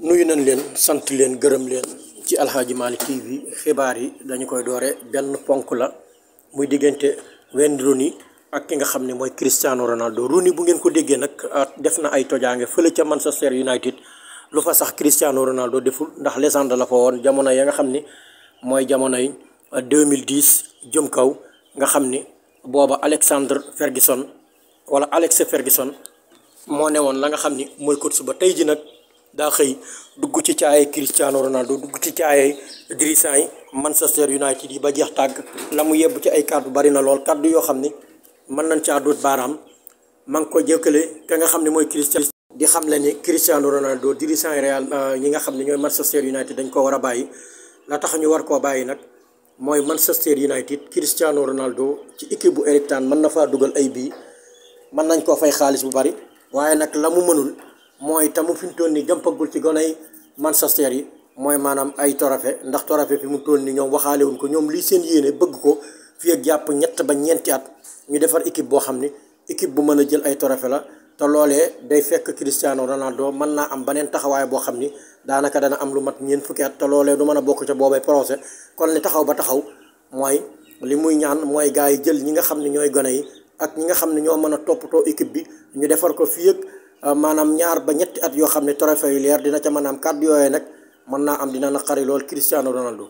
nuyu nañ leen sant leen gërëm leen ci Aladji Malick bi xibaar yi dañu koy doore benn ponk la muy diggante Wayne Rooney ak ki nga xam ne mooy Cristiano Ronaldo Rooney bu ngeen ko déggee nag ah, def na ay tojaange fële ca Manchester United lu fa sax Cristiano Ronaldo deful ndax légende la fa woon jamono ya nga xam ni mooy jamonoy 2010 ah, jëm kaw nga xam ni booba Alexander Ferguson wala Alex Ferguson moo ne woon la nga xam ni mooy coach ba tey ji nag daa xëy dugg ci caaye Cristiano Ronaldo dugg ci caaye dirigeants yi Manchester United yi ba jeex tàgg la mu yebb ci ay kàddu bari na lool kàddu yoo xam ni mën nañ caa dóot baaraam maa ngi ko jëkkale ka nga xam ne mooy Cristiano di xam le ni Cristiano Ronaldo dirigeants yi Real ah, ñi nga xam ne ñooy Manchester United dañ ko war a bàyyi la tax ñu war koo bàyyi nag mooy Manchester United Cristiano Ronaldo ci équipe bu Eric Ten mën na faa dugal ay bii mën nañ koo fay xaalis bu bari mooy tamu fi mu toll nii jëmpagul ci gone yi Manchester yi mooy maanaam ay trophée ndax trophée fi mu toll nii ñoom waxaale wuñ ko ñoom lii seen yéene bëgg ko fii ak jàpp ñett ba ñeenti at ñu defar équipe boo xam ni équipe bu mën a jël ay trophée la te loolee day fekk Cristiano Ronaldo mën naa am beneen taxawaay boo xam ni daanaka dana am lu mat ñeent fukki at te loolee du mën a bokk ca boobay projet kon li taxaw ba taxaw mooy li muy ñaan mooy gars yi jël ñi nga xam ne ñooy gone yi ak ñi nga xam ne ñoo mën a toppatoo équipe bi ñu defar ko fii ak Euh, maanaam ñaar ba ñetti at yoo xam ne trophée yu leer dina ca manaam a am kàddu yooyu nag mën naa am dina naqari lool Cristiano Ronaldo.